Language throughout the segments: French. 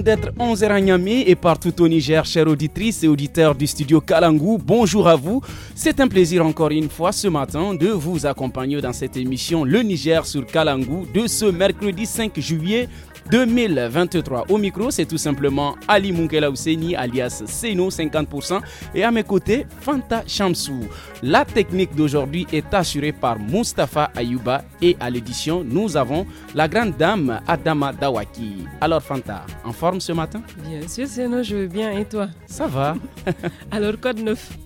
d'être 11h et partout au Niger, chères auditrices et auditeurs du studio Kalangu. bonjour à vous. C'est un plaisir encore une fois ce matin de vous accompagner dans cette émission Le Niger sur Kalangou de ce mercredi 5 juillet 2023. Au micro, c'est tout simplement Ali Munkela Ouseni, alias Seno 50%, et à mes côtés, Fanta Chamsou. La technique d'aujourd'hui est assurée par Mustafa Ayuba et à l'édition, nous avons la grande dame Adama Dawaki. Alors Fanta, en forme ce matin Bien sûr Seno, je vais bien et toi Ça va. Alors code 9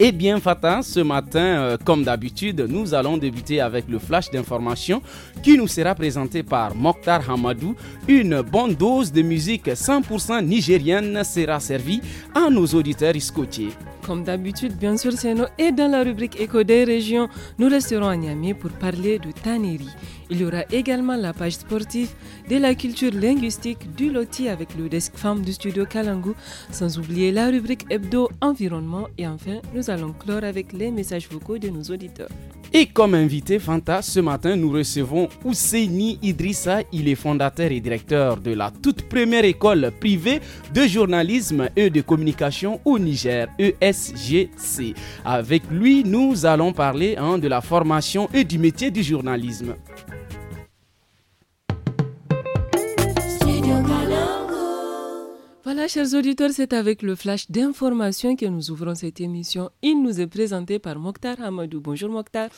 eh bien, Fatin, ce matin, euh, comme d'habitude, nous allons débuter avec le flash d'information qui nous sera présenté par Mokhtar Hamadou. Une bonne dose de musique 100% nigérienne sera servie à nos auditeurs scotiers. Comme d'habitude, bien sûr, c'est nous. Et dans la rubrique Éco des régions, nous resterons à Niamey pour parler de Taneri. Il y aura également la page sportive de la culture linguistique du loti avec le desk femme du studio Kalangu, sans oublier la rubrique hebdo environnement et enfin nous allons clore avec les messages vocaux de nos auditeurs. Et comme invité Fanta, ce matin nous recevons Ousseini Idrissa, il est fondateur et directeur de la toute première école privée de journalisme et de communication au Niger, ESGC. Avec lui, nous allons parler hein, de la formation et du métier du journalisme. chers auditeurs, c'est avec le flash d'information que nous ouvrons cette émission. Il nous est présenté par Mokhtar Hamadou. Bonjour Mokhtar.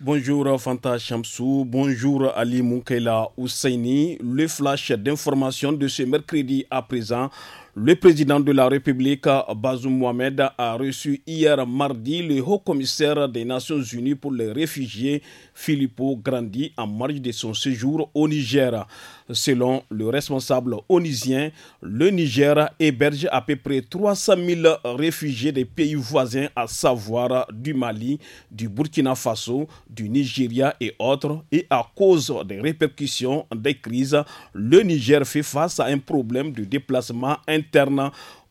Bonjour Fanta Chamsou, bonjour Ali Moukela Ousseini. Le flash d'information de ce mercredi à présent, le président de la République, Bazoum Mohamed, a reçu hier mardi le haut-commissaire des Nations Unies pour les réfugiés, Filippo Grandi, en marge de son séjour au Niger. Selon le responsable onisien, le Niger héberge à peu près 300 000 réfugiés des pays voisins, à savoir du Mali, du Burkina Faso, du Nigeria et autres. Et à cause des répercussions des crises, le Niger fait face à un problème de déplacement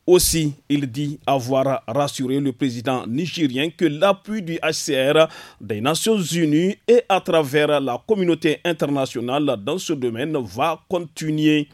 aussi, il dit avoir rassuré le président nigérien que l'appui du HCR des Nations Unies et à travers la communauté internationale dans ce domaine va continuer.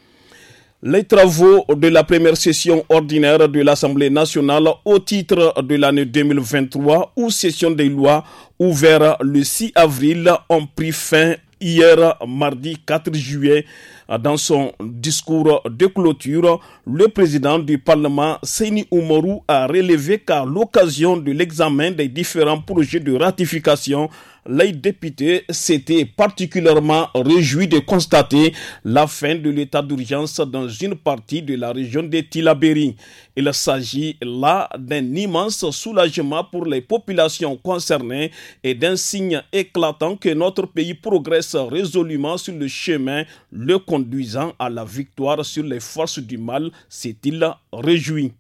Les travaux de la première session ordinaire de l'Assemblée nationale au titre de l'année 2023 ou session des lois ouvertes le 6 avril ont pris fin hier mardi 4 juillet euh, dans son discours de clôture, le président du Parlement, Seyni Oumarou, a relevé qu'à l'occasion de l'examen des différents projets de ratification, les députés s'étaient particulièrement réjouis de constater la fin de l'état d'urgence dans une partie de la région de Tilaberi. Il s'agit là d'un immense soulagement pour les populations concernées et d'un signe éclatant que notre pays progresse résolument sur le chemin le conduisant à la victoire sur les forces du mal, s'est-il réjoui.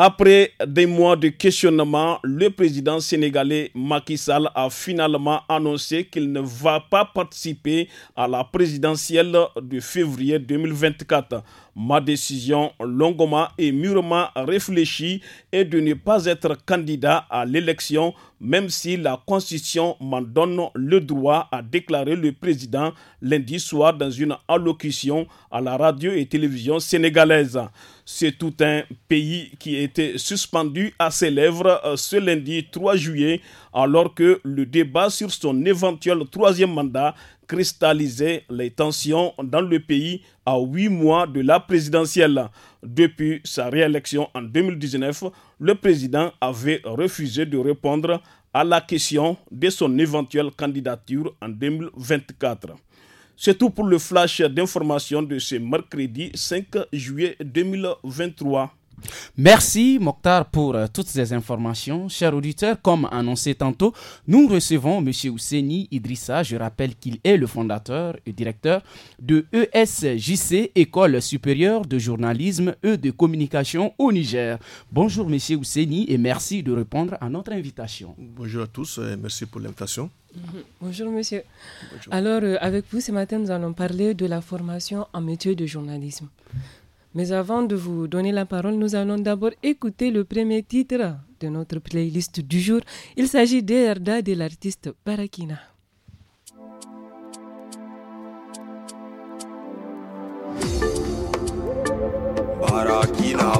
Après des mois de questionnement, le président sénégalais Macky Sall a finalement annoncé qu'il ne va pas participer à la présidentielle de février 2024. Ma décision longuement et mûrement réfléchie est de ne pas être candidat à l'élection même si la Constitution m'en donne le droit, à déclarer le président lundi soir dans une allocution à la radio et télévision sénégalaise. C'est tout un pays qui était suspendu à ses lèvres euh, ce lundi 3 juillet alors que le débat sur son éventuel troisième mandat cristallisait les tensions dans le pays à huit mois de la présidentielle. Depuis sa réélection en 2019, le président avait refusé de répondre à la question de son éventuelle candidature en 2024. C'est tout pour le flash d'information de ce mercredi 5 juillet 2023. Merci Mokhtar pour euh, toutes ces informations. Chers auditeurs, comme annoncé tantôt, nous recevons M. Ousseni Idrissa. Je rappelle qu'il est le fondateur et directeur de ESJC, École supérieure de journalisme et de communication au Niger. Bonjour M. Ousseni, et merci de répondre à notre invitation. Bonjour à tous et merci pour l'invitation. Bonjour monsieur. Alors euh, avec vous ce matin nous allons parler de la formation en métier de journalisme. Mais avant de vous donner la parole, nous allons d'abord écouter le premier titre de notre playlist du jour. Il s'agit d'Erda de l'artiste Barakina. Barakina,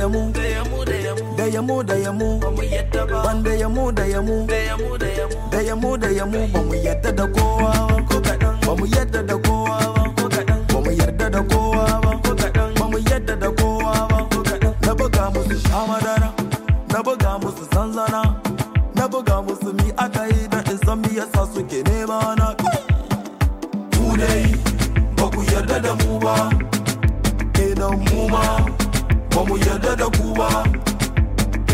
yamu da yamu da yamu da mu ban da yamu da yamu da yamu da yamu da ba mu yadda da kowa ko kadan ba mu yadda da kowa ko kadan ba mu yarda da kowa ko kadan ba mu yadda da kowa ko kadan na buga musu shamadara na buga musu zanzana na buga musu mi aka yi da isan mi yasa suke nema na ku dai ba ku yarda da mu ba idan mu ma ba mu yarda da ku ba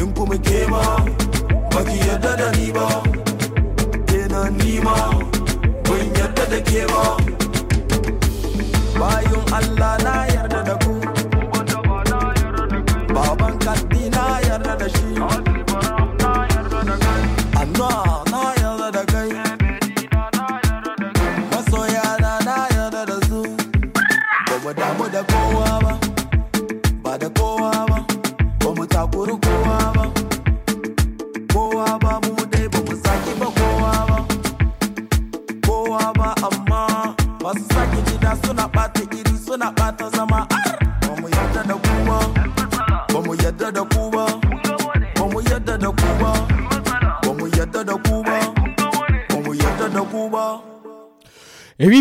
in kuma ke ma ba ki yarda da ni ba kenan eh, ni ma ban yarda da ke ba bayan Allah na yarda da ku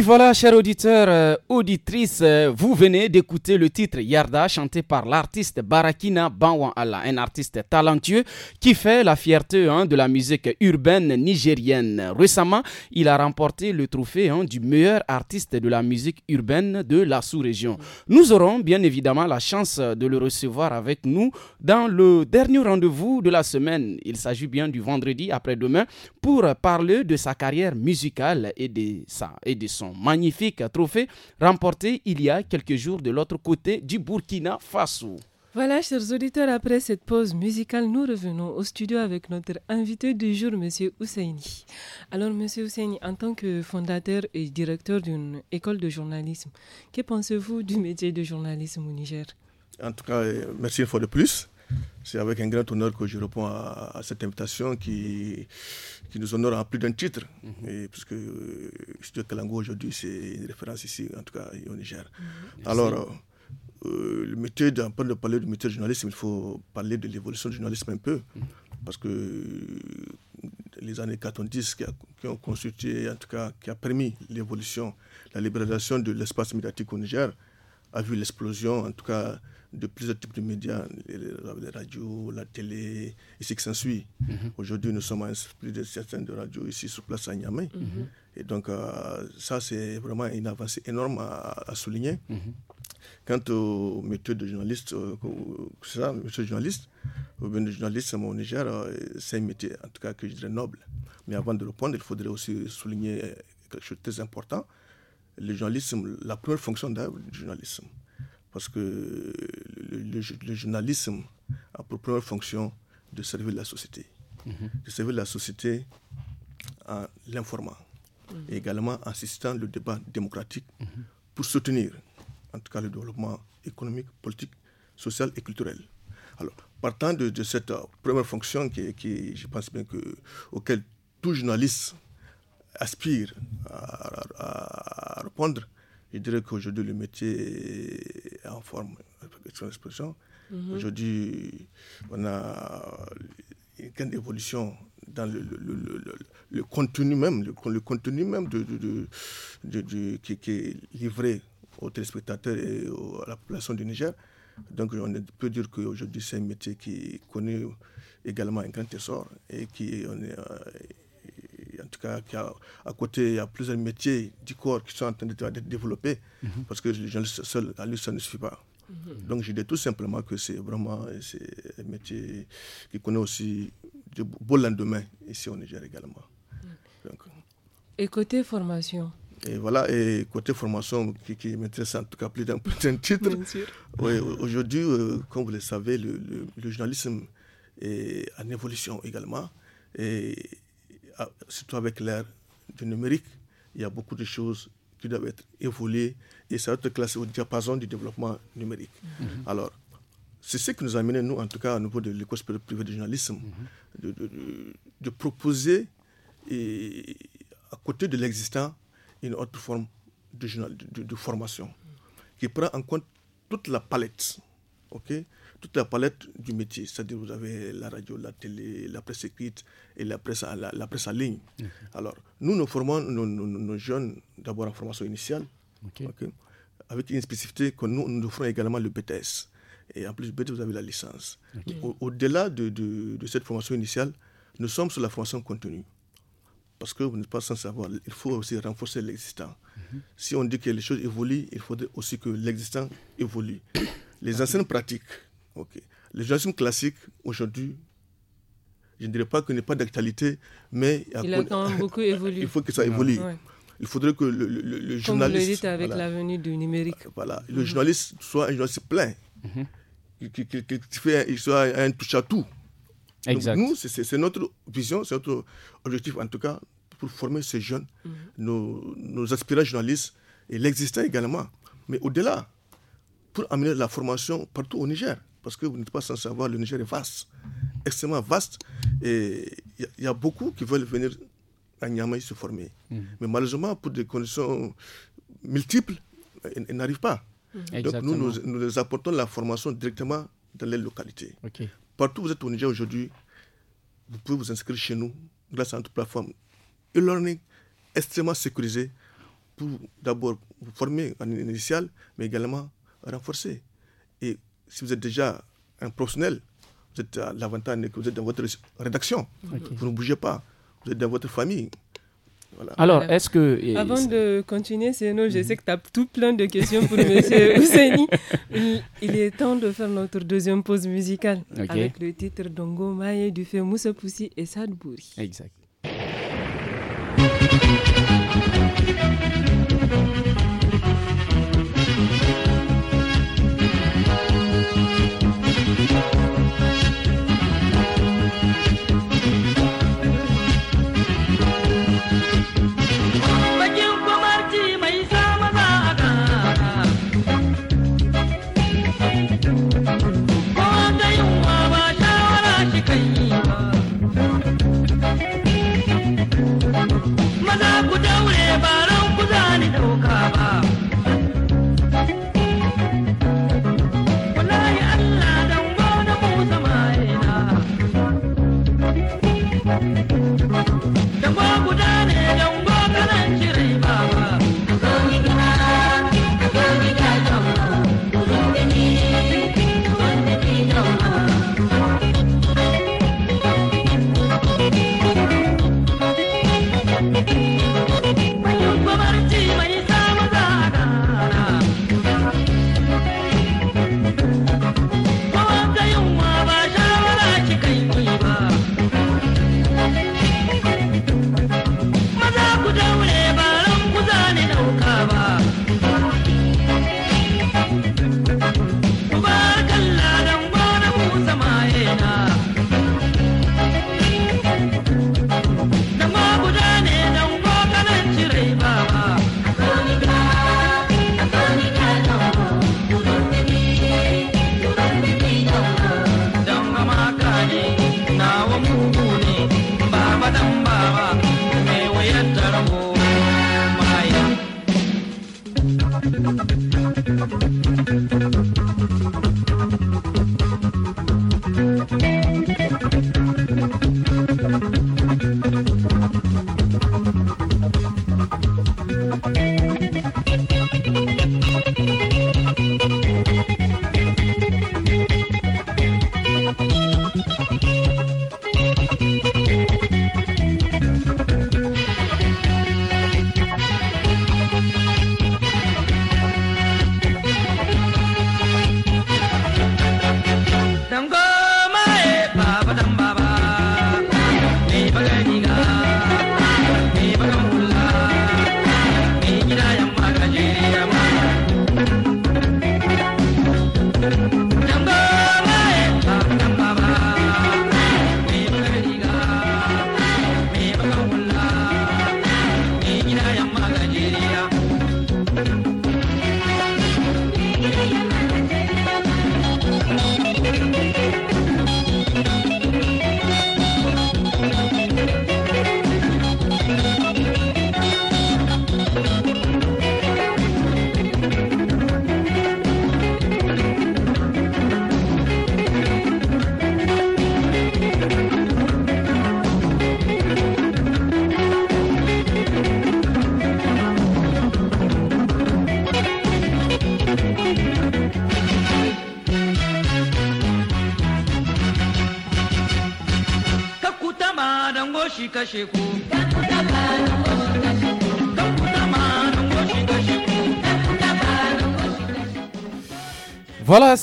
voilà, chers auditeurs, euh, Auditrice, euh, vous venez d'écouter le titre Yarda chanté par l'artiste Barakina Banwan Allah, un artiste talentueux qui fait la fierté hein, de la musique urbaine nigérienne. Récemment, il a remporté le trophée hein, du meilleur artiste de la musique urbaine de la sous-région. Nous aurons bien évidemment la chance de le recevoir avec nous dans le dernier rendez-vous de la semaine. Il s'agit bien du vendredi après-demain pour parler de sa carrière musicale et de, sa, et de son magnifique trophée Remporté il y a quelques jours de l'autre côté du Burkina Faso. Voilà, chers auditeurs, après cette pause musicale, nous revenons au studio avec notre invité du jour, M. Ousseini. Alors, M. Ousseini, en tant que fondateur et directeur d'une école de journalisme, que pensez-vous du métier de journalisme au Niger En tout cas, euh, merci une fois de plus. C'est avec un grand honneur que je réponds à, cette invitation qui, qui nous honore en plus d'un titre. Mm -hmm. Et puisque euh, aujourd'hui, c'est une référence ici, en tout cas au Niger. Mhm. Alors, euh, euh, le métier, en parlant de parler du métier du journalisme, il faut parler de l'évolution du journalisme un peu. Mhm. Parce que euh, les années 90 qui, ont constitué, en tout cas, qui a permis l'évolution, la libéralisation de l'espace médiatique au Niger, a vu l'explosion, en tout cas, de plusieurs types de médias, les radio, la télé, et ce qui s'ensuit. Mm-hmm. Aujourd'hui, nous sommes à plus de certaines de radios ici sur place à Niamey. Mm-hmm. Et donc, euh, ça, c'est vraiment une avancée énorme à, souligner. Mm-hmm. Quant aux méthodes de journaliste, euh, ça, monsieur journaliste, ou bien le journaliste au Niger, euh, c'est un métier, en tout cas, que je dirais noble. Mais avant de répondre, il faudrait aussi souligner euh, quelque chose de très important. Le journalisme, la première fonction du journalisme, parce que le, journalisme a pour première fonction de servir la société, mhm. de servir la société en l'informant mhm. et également en assistant le débat démocratique mhm. pour soutenir en tout cas le développement économique, politique, social et culturel. Alors, partant de, cette euh, première fonction qui, qui, je pense bien que, auquel tout journaliste aspire à répondre, je dirais qu'aujourd'hui, le métier est en forme, de d'expression. Mhm. Aujourd'hui, on a une grande évolution dans le, contenu même, le, contenu même de, qui, est livré aux téléspectateurs et à la population du Niger. Donc, on peut dire qu'aujourd'hui, c'est un métier qui connaît également un grand essor et qui on est, euh, en tout cas, à côté, il y a plusieurs métiers du corps qui sont en train d'être développés, mhm. parce que seul, à lui, ça ne suffit pas. Mhm. Donc, je dis tout simplement que c'est vraiment un métier qui connaît aussi du beau lendemain, ici au Niger également. Mhm. et côté formation et voilà, et côté formation qui, qui m'intéresse en tout cas plus d'un titre. aujourd'hui, euh, comme vous le savez, le, le, journalisme est en évolution également. Et ah, surtout avec l'ère du numérique, il y a beaucoup de choses qui doivent être évoluées et ça doit être classé au diapason du développement numérique. Mhm. Alors, c'est ce qui nous a amené, nous, en tout cas, au niveau de l'école privée de journalisme, mhm. de, proposer, et, à côté de l'existant, une autre forme de, de, de, formation qui prend en compte toute la palette. ok toute la palette du métier. C'est-à-dire vous avez la radio, la télé, la presse écrite et la presse, à la, presse en ligne. Mhm. Alors, nous, nous formons nos, jeunes d'abord en formation initiale, avec une spécificité que nous, nous offrons également le BTS. Et en plus BTS, vous avez la licence. Au-delà de, cette formation initiale, nous sommes sur la formation continue. Parce que vous ne pas sans savoir, il faut aussi renforcer l'existant. Mhm. Si on dit que les choses évoluent, il faudrait aussi que l'existant évolue. Les anciennes pratiques le journalisme classique, aujourd'hui, je ne dirais pas qu'il n'est pas d'actualité, mais il a, évolué. il faut que ça évolue. Il faudrait que le, journaliste. du numérique. le mhm. journaliste soit un journaliste plein, mhm. qui qu'il soit un touche à tout. Exact. nous, c'est notre vision, c'est notre objectif, en tout cas, pour former ces jeunes, mhm. nos, nos aspirants journalistes et l'existant également. Mais au-delà, pour amener la formation partout au Niger parce que vous n'êtes pas sans savoir, le Niger est vaste, extrêmement vaste, et il y, a beaucoup qui veulent venir à Niamey se former. Mm. Mais malheureusement, pour des conditions multiples, ils n'arrivent pas. Mm-hmm. Donc nous, nous, apportons la formation directement dans les localités. Partout où vous êtes au Niger aujourd'hui, vous pouvez vous inscrire chez nous grâce à notre plateforme e-learning extrêmement sécurisée pour d'abord vous former en initial, mais également renforcer. Et si vous êtes déjà un professionnel, vous êtes à l'avantage que vous êtes dans votre rédaction. Vous ne bougez pas. Vous êtes dans votre famille. Alors, euh, est-ce que. Avant de continuer, Seno, je mhm. sais que tu as tout plein de questions pour M. Ousseini. Il est temps de faire notre deuxième pause musicale avec le titre Dongo Maye du fait Moussa Poussi et Sadbouri. Exact.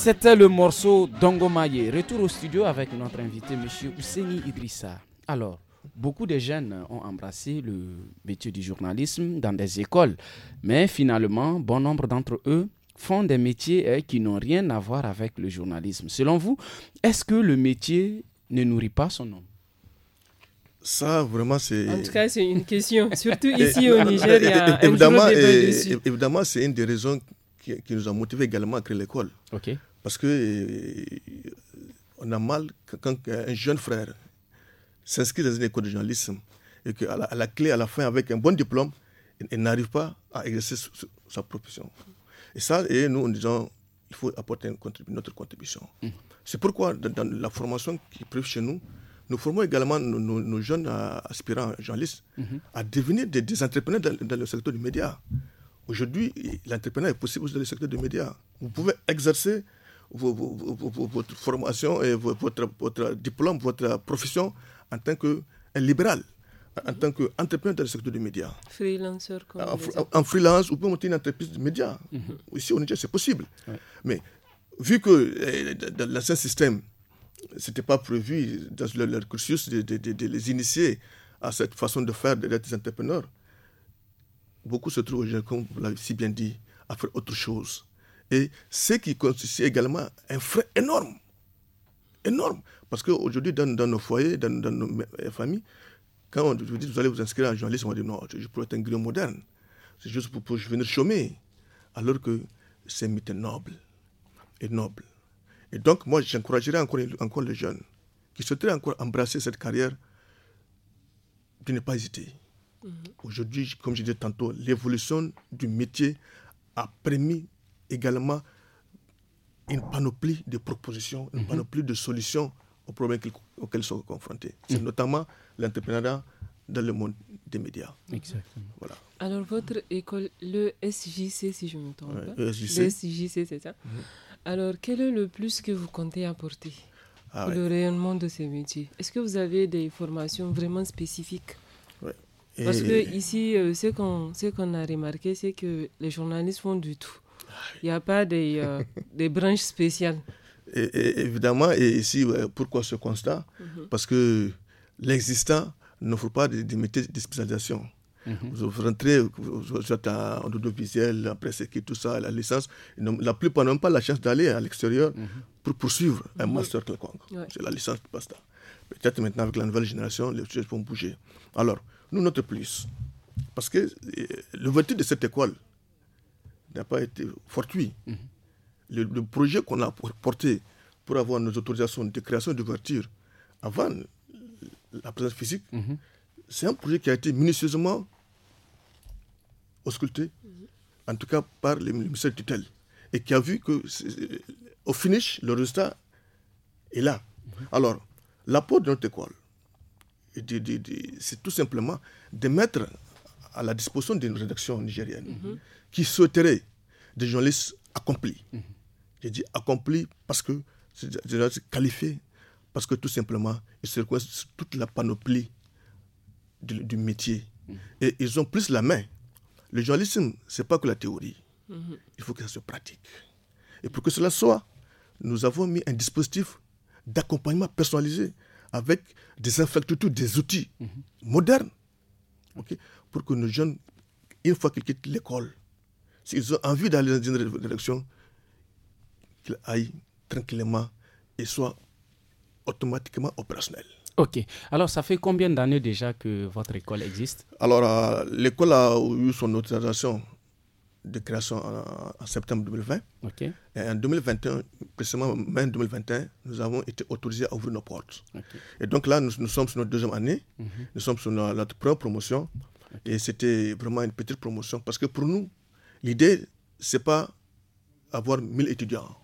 C'était le morceau Maye. Retour au studio avec notre invité, M. Ouseni Idrissa. Alors, beaucoup de jeunes ont embrassé le métier du journalisme dans des écoles, mais finalement, bon nombre d'entre eux font des métiers eh, qui n'ont rien à voir avec le journalisme. Selon vous, est-ce que le métier ne nourrit pas son nom ça, vraiment, c'est. En tout cas, c'est une question. Surtout ici au Niger, Évidemment, c'est une des raisons qui, nous a motivés également à créer l'école. OK. Parce que euh, on a mal quand un jeune frère s'inscrit dans une école de journalisme et qu'à la, clé, à la fin, avec un bon diplôme, il, n'arrive pas à exercer sa profession. Et ça, et nous, en disant, il faut apporter notre contribution. Mm. C'est pourquoi, dans, la formation qui prive chez nous, nous formons également nos, jeunes euh, aspirants journalistes mm-hmm. à devenir des, entrepreneurs dans, dans, le secteur du média. Aujourd'hui, l'entrepreneur est possible dans le secteur du média. Vous pouvez exercer votre formation et votre, votre diplôme, votre profession en tant que libéral en tant qu'entrepreneur dans le secteur du média. Freelanceur comme en, freelance ou peut monter une entreprise de médias. Mm on Ici au Niger, c'est possible. Mais vu que eh, dans l'ancien système, ce n'était pas prévu dans le cursus de, de, les initier à cette façon de faire d'être des entrepreneurs, beaucoup se trouvent, comme vous l'avez si bien dit, à faire autre chose et ce qui constitue également un frais énorme. Énorme. Parce qu'aujourd'hui, dans, dans, nos foyers, dans, nos euh, familles, quand on vous dit vous allez vous inscrire en journalisme, on dit non, je, pourrais être un grillon moderne. C'est juste pour, venir chômer. Alors que c'est un métier noble. Et noble. Et donc, moi, j'encouragerais encore, encore les jeunes qui souhaiteraient encore embrasser cette carrière de ne pas hésiter. Mm-hmm. Aujourd'hui, comme je disais tantôt, l'évolution du métier a permis également une panoplie de propositions, une mhm. panoplie de solutions aux problèmes auxquels ils sont confrontés. C'est mhm. notamment l'entrepreneuriat dans le monde des médias. Exactement. Voilà. Alors, votre école, le SJC, si je me trompe. Le SJC, c'est ça. Mhm. Alors, quel est le plus que vous comptez apporter ah pour le rayonnement de ces métiers Est-ce que vous avez des formations vraiment spécifiques Parce que ici, euh, ce qu'on a remarqué, c'est que les journalistes font du tout. Il n'y a pas des, euh, des branches spéciales. Et, évidemment, et ici, pourquoi ce constat mhm. Parce que l'existant n'offre pas de, métiers de spécialisation. Mhm. Vous rentrez, vous êtes en audiovisuel, en presse qui tout ça, la licence. La plupart n'ont pas la chance d'aller à l'extérieur mhm. pour poursuivre un master quelconque. C'est la licence de PASTA. Peut-être maintenant, avec la nouvelle génération, les choses vont bouger. Alors, nous, notre plus. Parce que euh, l'ouverture de cette école, n'a pas été fortuit. Mhm. le, projet qu'on a porté pour avoir nos autorisations de création d'ouverture avant la présence physique, mhm. c'est un projet qui a été minutieusement ausculté, mhm. en tout cas par le ministère de tutelle, et qui a vu que au finish, le résultat est là. Alors, l'apport de notre école, c'est tout simplement de mettre à la disposition d'une rédaction nigérienne qui souhaiteraient des journalistes accomplis. Je dis J'ai dit accomplis parce que c'est qualifié, parce que tout simplement, ils se reconnaissent toute la panoplie du, métier. Et ils ont plus la main. Le journalisme, ce n'est pas que la théorie. Il faut que ça se pratique. Et pour que cela soit, nous avons mis un dispositif d'accompagnement personnalisé avec des infrastructures, des outils mhm. modernes pour que nos jeunes, une fois qu'ils quittent l'école, S'ils ont envie d'aller dans une direction, qu'ils aillent tranquillement et soient automatiquement opérationnels. Ok. Alors, ça fait combien d'années déjà que votre école existe Alors, euh, l'école a eu son autorisation de création en, septembre 2020. Ok. Et en 2021, précisément mai 2021, nous avons été autorisés à ouvrir nos portes. Ok. Et donc là, nous, sommes sur notre deuxième année. Mhm. Nous sommes sur notre, première promotion. Et c'était vraiment une petite promotion parce que pour nous, L'idée, ce n'est pas avoir 1000 étudiants.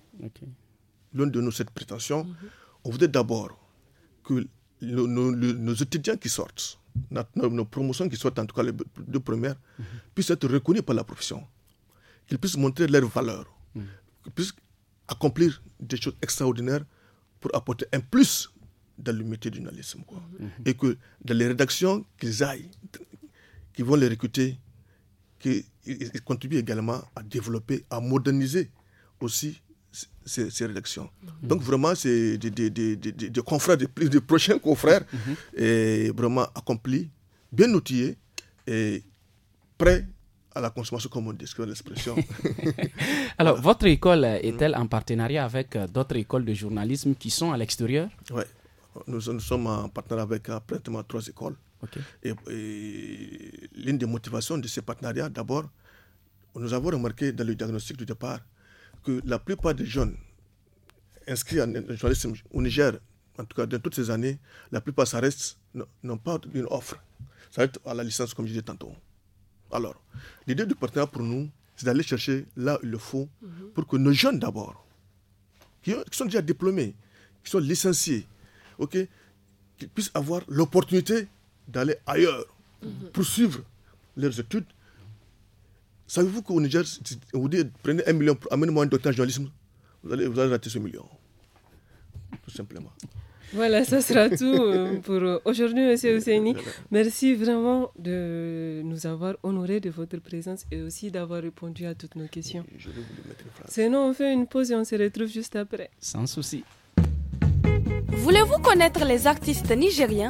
L'un de nous, cette prétention, on voudrait d'abord que nos, étudiants qui sortent, nos, nos, promotions qui sortent, en tout cas les deux premières, puissent être reconnus par la profession, qu'ils puissent montrer leurs valeurs, qu'ils puissent accomplir des choses extraordinaires pour apporter un plus dans le métier du journalisme. Et que dans les rédactions, qu'ils aillent, qu'ils vont les recruter, qu'ils il, contribue également à développer, à moderniser aussi ces, rédactions. Mhm. Donc vraiment, c'est des, confrères, des, prochains confrères, mhm. et vraiment accomplis, bien outillés et prêts à la consommation, comme on dit, l'expression. Alors, votre école est-elle mhm. en partenariat avec euh, d'autres écoles de journalisme qui sont à l'extérieur Oui, nous, nous, sommes en partenariat avec euh, pratiquement trois écoles. Et, l'une des motivations de ces partenariats, d'abord, nous avons remarqué dans le diagnostic du départ que la plupart des jeunes inscrits en journalisme au Niger, en tout cas dans toutes ces années, la plupart, ça reste, n'ont pas une offre. Ça reste à la licence, comme je disais tantôt. Alors, l'idée du partenariat pour nous, c'est d'aller chercher là où il le faut mhm. pour que nos jeunes d'abord, qui, sont déjà diplômés, qui sont licenciés, ok, puissent avoir l'opportunité d'aller ailleurs, poursuivre leurs études. Savez-vous qu'au Niger, vous dites, prenez un million, amenez-moi un docteur en journalisme, vous allez, vous allez rater ce million. Tout simplement. Voilà, ça sera tout euh, pour euh, aujourd'hui, Monsieur Ousseini. Merci vraiment de nous avoir honorés de votre présence et aussi d'avoir répondu à toutes nos questions. Sinon, on fait une pause et on se retrouve juste après. Sans souci. Voulez-vous connaître les artistes nigériens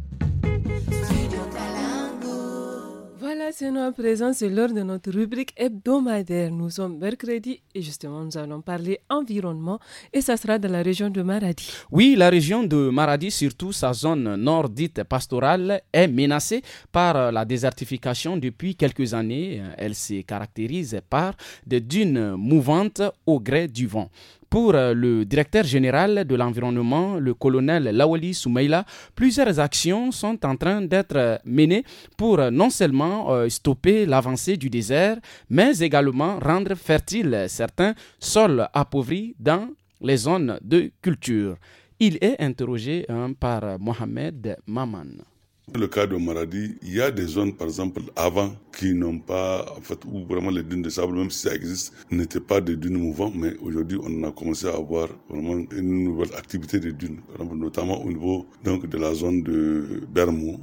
Voilà, c'est nous l'heure de notre rubrique hebdomadaire. Nous sommes mercredi et justement, nous allons parler environnement et ça sera de la région de Maradi. Oui, la région de Maradi, surtout sa zone nord dite pastorale, est menacée par la désertification depuis quelques années. Elle se caractérise par des dunes mouvantes au gré du vent. Pour euh, le directeur général de l'environnement, le colonel Lawali Soumeila, plusieurs actions sont en train d'être euh, menées pour euh, non seulement stopper l'avancée du désert, mais également rendre fertile certains sols appauvris dans les zones de culture. Il est interrogé hein, par Mohamed Maman. Dans le cas de Maradi, il y a des zones, par exemple, avant, qui n'ont pas, en fait, où vraiment les dunes de sable, même si ça existe, n'étaient pas des dunes mouvantes, mais aujourd'hui, on a commencé à avoir vraiment une nouvelle activité des dunes, notamment au niveau, donc, de la zone de Bermou,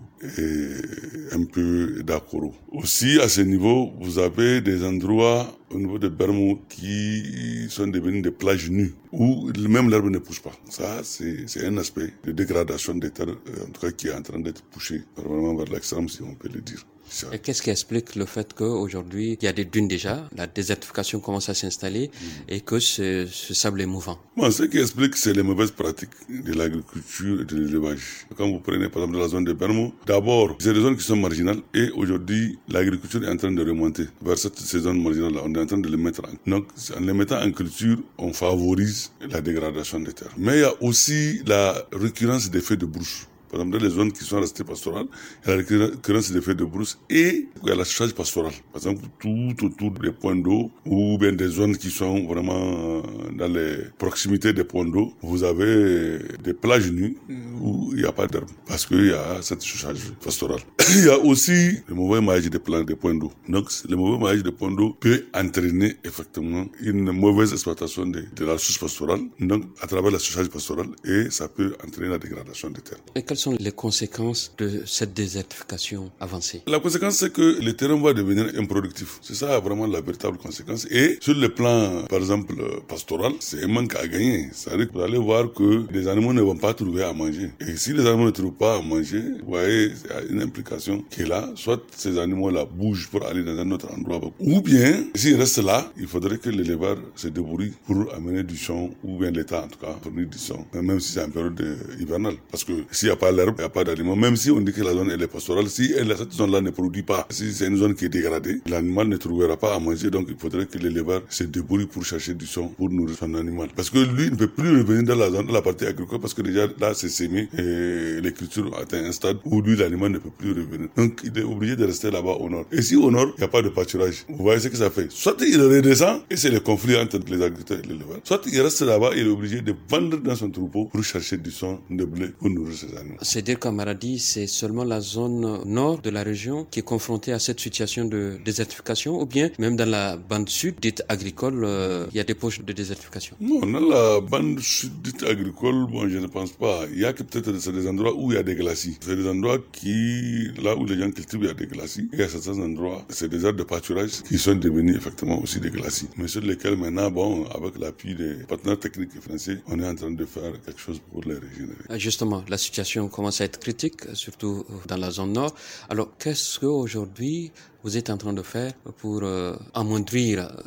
un peu d'accord. Aussi, à ce niveau, vous avez des endroits au niveau de Bermou qui sont devenus des plages nues, où même l'herbe ne pousse pas. Ça, c'est un aspect de dégradation des terres, euh, en tout cas, qui est en train d'être poussé, vraiment vers l'extrême, si on peut le dire. Et qu'est-ce qui explique le fait qu'aujourd'hui, il y a des dunes déjà, la désertification commence à s'installer mm. et que ce, sable est mouvant Ce qui explique, c'est les mauvaises pratiques de l'agriculture et de l'élevage. Quand vous prenez par exemple la zone de bermont d'abord, c'est des zones qui sont marginales et aujourd'hui, l'agriculture est en train de remonter vers cette, ces zones marginales-là. On est en train de les mettre en. Donc, en les mettant en culture, on favorise la dégradation des terres. Mais il y a aussi la récurrence des faits de brousse. Par exemple, dans les zones qui sont restées pastorales, il y a la récurrence des feux de brousse et il y a la chuchage pastorale. Par exemple, tout autour des points d'eau ou bien des zones qui sont vraiment euh, dans les proximités des points d'eau, vous avez des plages nues mm. où il n'y a pas d'herbe parce qu'il y a cette chuchage pastorale. il y a aussi le mauvais maillage des, plans, des points d'eau. Donc, le mauvais maillage des points d'eau peut entraîner effectivement une mauvaise exploitation de, la source pastorale, donc à travers la chuchage pastorale et ça peut entraîner la dégradation des terres sont les conséquences de cette désertification avancée La conséquence, c'est que le terrain va devenir improductif. C'est ça vraiment la véritable conséquence. Et sur le plan, par exemple, pastoral, c'est un manque à gagner. C'est-à-dire que vous allez voir que les animaux ne vont pas trouver à manger. Et si les animaux ne trouvent pas à manger, vous voyez, il y a une implication qui est là. Soit ces animaux-là bougent pour aller dans un autre endroit. Ou bien, s'ils restent là, il faudrait que l'éleveur se débrouille pour amener du sang, ou bien l'État, en tout cas, fournir du son, même si c'est en période hivernale. Parce que s'il n'y a pas l'herbe, il n'y a pas d'aliments. Même si on dit que la zone est pastorale, si cette zone-là ne produit pas, si c'est une zone qui est dégradée, l'animal ne trouvera pas à manger. Donc il faudrait que l'éleveur se débrouille pour chercher du son pour nourrir son animal. Parce que lui il ne peut plus revenir dans la zone, dans la partie agricole, parce que déjà là c'est semé et les cultures atteint un stade où lui l'animal ne peut plus revenir. Donc il est obligé de rester là-bas au nord. Et si au nord, il n'y a pas de pâturage, vous voyez ce que ça fait. Soit il redescend et c'est le conflit entre les agriculteurs et les l'éleveur. Soit il reste là-bas, il est obligé de vendre dans son troupeau pour chercher du son, de blé pour nourrir ses animaux. C'est-à-dire qu'en Maradi, c'est seulement la zone nord de la région qui est confrontée à cette situation de désertification ou bien même dans la bande sud dite agricole, euh, il y a des poches de désertification Non, dans la bande sud dite agricole, bon, je ne pense pas. Il y a peut-être des endroits où il y a des glacis. C'est des endroits qui, là où les gens cultivent, il y a des glacis. Il y a certains endroits, c'est des aires de pâturage qui sont devenus effectivement aussi des glacis. Mais sur lesquels maintenant, bon, avec l'appui des partenaires techniques français, on est en train de faire quelque chose pour les régénérer. Ah, justement, la situation commence à être critique, surtout dans la zone nord. Alors, qu'est-ce qu'aujourd'hui vous êtes en train de faire pour euh,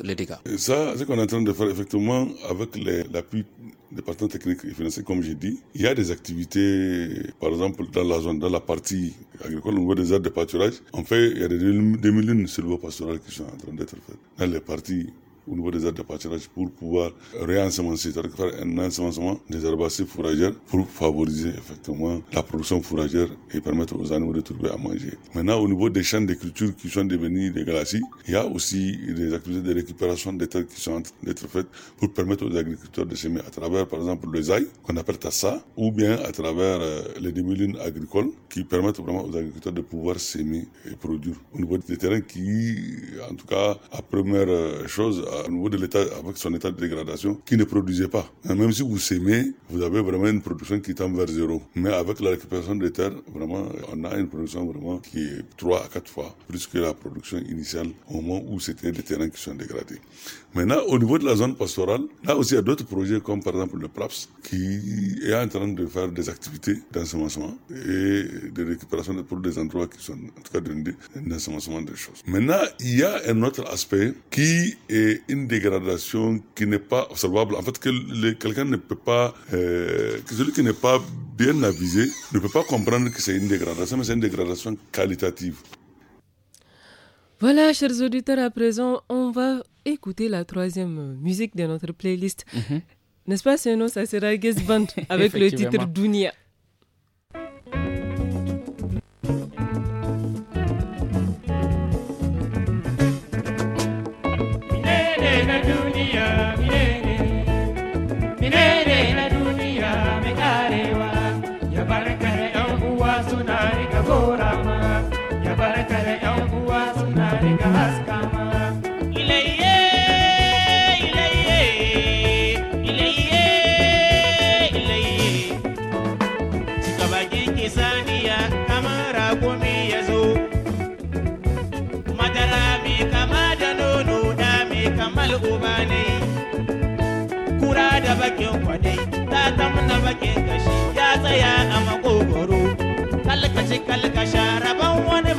les dégâts Ça, ce qu'on est en train de faire, effectivement, avec l'appui des partenaires techniques et financiers, comme j'ai dit, il y a des activités, par exemple, dans la zone, dans la partie agricole, au niveau des aires de pâturage. En fait, il y a des, millions de pastoraux qui sont en train d'être faits dans les parties au niveau des aides de pâturage pour pouvoir réensemencer, c'est-à-dire faire un ensemencement des herbacées fourragères pour favoriser effectivement la production fourragère et permettre aux animaux de trouver à manger. Maintenant, au niveau des champs de culture qui sont devenus des glacis, il y a aussi des activités de récupération des terres qui sont en train d'être faites pour permettre aux agriculteurs de semer à travers, par exemple, les ailes qu'on appelle tassa, ou bien à travers euh, les démolines agricoles qui permettent vraiment aux agriculteurs de pouvoir s'aimer et produire. Au niveau des terrains qui, en tout cas, la première euh, chose, au niveau de l'État avec son état de dégradation qui ne produisait pas. Même si vous semez, vous avez vraiment une production qui tombe vers zéro. Mais avec la récupération des terres, vraiment, on a une production vraiment qui est trois à quatre fois plus que la production initiale au moment où c'était des terrains qui sont dégradés. Maintenant, au niveau de la zone pastorale, là aussi, il y a d'autres projets comme par exemple le PRAPS qui est en train de faire des activités d'ensemencement et de récupération pour des endroits qui sont en tout cas d'ensemencement de, des choses. Maintenant, il y a un autre aspect qui est une dégradation qui n'est pas observable. En fait, que quelqu'un ne peut pas, euh, que celui qui n'est pas bien avisé ne peut pas comprendre que c'est une dégradation, mais c'est une dégradation qualitative. Voilà, chers auditeurs, à présent, on va écouter la troisième musique de notre playlist. Mhm. N'est-ce pas, sinon ça sera Guest Band avec le titre Dunia. bakin kwadai ta tamu na bakin gashi ya tsaya a makogoro kalkaci kalkasha rabon wani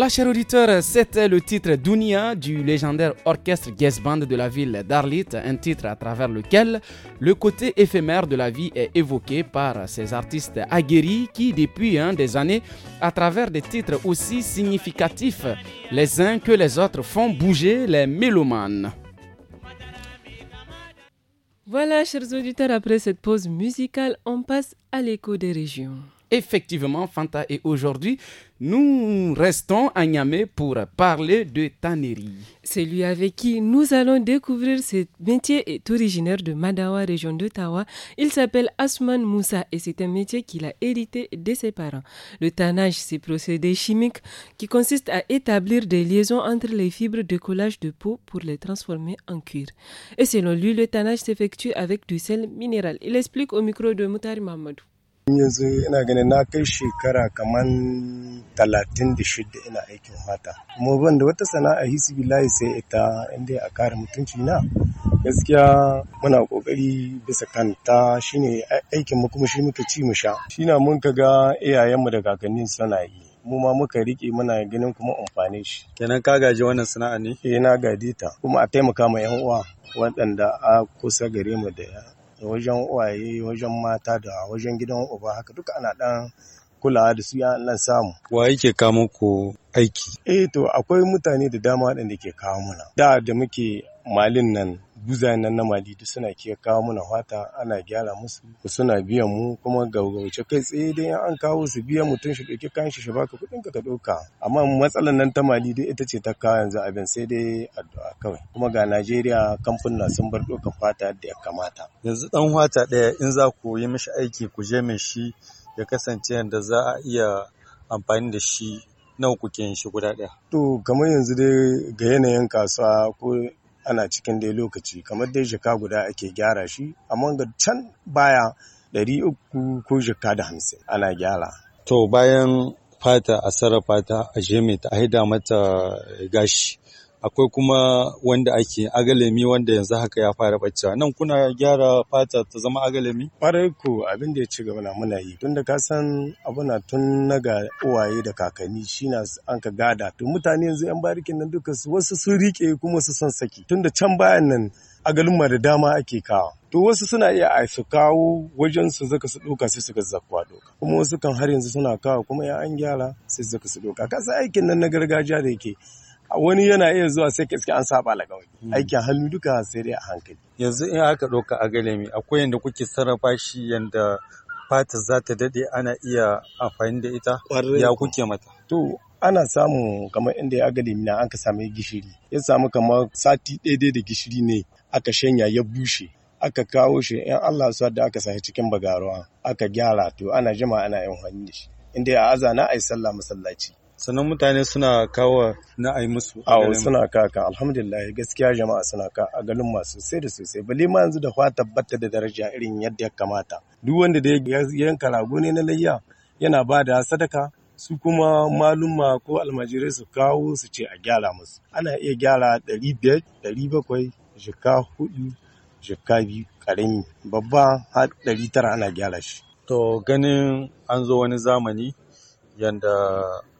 Voilà, chers auditeurs, c'était le titre Dunia du légendaire orchestre guest band de la ville d'Arlit, un titre à travers lequel le côté éphémère de la vie est évoqué par ces artistes aguerris qui, depuis hein, des années, à travers des titres aussi significatifs les uns que les autres, font bouger les mélomanes. Voilà, chers auditeurs, après cette pause musicale, on passe à l'écho des régions effectivement, Fanta. Et aujourd'hui, nous restons à Niamey pour parler de tannerie. Celui avec qui nous allons découvrir ce métier est originaire de Madawa, région d'Ottawa. Il s'appelle Asman Moussa et c'est un métier qu'il a hérité de ses parents. Le tannage, c'est un procédé chimique qui consiste à établir des liaisons entre les fibres de collage de peau pour les transformer en cuir. Et selon lui, le tannage s'effectue avec du sel minéral. Il explique au micro de Moutari Mamadou. Yanzu ina ganin na kai shekara kaman talatin da shida ina aikin fata. Kuma ban da wata sana'a bilayi sai ita inda a kare mutunci na. Gaskiya muna kokari bisa kanta shine aikin mu kuma shi muka ci mu sha. Shi na mun ka ga iyayenmu da kakannin suna yi. Mu ma muka riƙe muna ganin kuma amfani shi. Kenan ka gaji wannan sana'a ne? Eh na gade ta. Kuma a taimaka ma 'yan uwa waɗanda a kusa gare mu da Da wajen waye, wajen mata da wajen gidan uba haka duka ana dan kulawa da su ya Allah samu. Wa yake kawo ko aiki? Eh to akwai mutane da dama waɗanda ke kawo muna. Da da muke malin nan guzayen na mali duk suna ke kawo mana fata ana gyara musu suna biyan mu kuma gaugauce kai tsaye dai an kawo su biyan mutum shi ɗauki kayan shi shi baka kuɗin ka ɗauka amma matsalar nan ta mali dai ita ce ta kawo yanzu abin sai dai addu'a kawai kuma ga najeriya kamfuna sun bar ɗaukar fata da ya kamata yanzu ɗan fata daya in za ku yi mishi aiki ku je mai shi ya kasance yadda za a iya amfani da shi nawa kuke yin shi guda ɗaya. To kamar yanzu dai ga yanayin kasuwa ko ana cikin dai lokaci kamar dai jaka guda ake gyara shi amma ga can baya ɗari uku ko jaka da hamsin ana gyara. To bayan fata a sarrafa ta a ta mata gashi akwai kuma wanda ake agalemi wanda yanzu haka ya fara bacci nan kuna gyara fata ta zama agalemi ƙwarai ko abin da ya ci gaba na muna yi tun da ka san abuna tun na ga uwaye da kakanni shi na an ka gada to mutane yanzu yan barikin nan duka wasu sun rike kuma wasu sun saki tun da can bayan nan agalumma da dama ake kawo, to wasu suna iya a su kawo wajen su zaka su doka sai su zakwa doka kuma wasu kan har yanzu suna kawo kuma ya an gyara sai zaka su doka kasa aikin nan na gargajiya da yake wani yana iya zuwa sai ka iske an saba hmm. Aiki aikin hannu duka sai dai a hankali yanzu in aka ɗauka agalemi akwai yadda kuke sarrafa shi yanda fata za ta daɗe ana iya amfani da ita ya kuke mata to ana samu kamar inda ya na an ka samu gishiri ya samu kamar sati daidai da gishiri ne aka shanya ya bushe aka kawo shi in Allah su da aka sahi cikin bagaruwa aka gyara to ana jima ana yin hannu da shi inda ya azana a yi sallah masallaci sannan mutane suna kawo na yi musu a suna kaka alhamdulillah gaskiya jama'a suna ka a galin ma sosai da sosai bali ma yanzu da fata batta da daraja irin yadda ya kamata duk wanda da yanka rago ne na layya yana ba da sadaka su kuma maluma ko almajirai su kawo su ce a gyara musu ana iya gyara 500 bakwai jika hudu jika biyu karami babba har tara ana gyara shi to ganin an zo wani zamani yanda